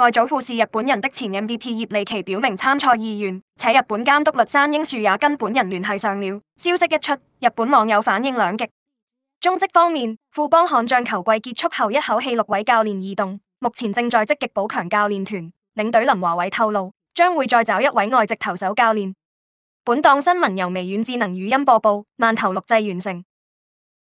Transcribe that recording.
外祖父是日本人的前 MVP 葉利奇表明參賽意願，且日本監督栗山英樹也跟本人聯繫上了。消息一出，日本網友反應兩極。中職方面，富邦悍將球季結束後一口氣六位教練異動，目前正在積極補強教練團。領隊林華偉透露，將會再找一位外籍投手教練。本檔新聞由微軟智能語音播報，慢頭錄製完成。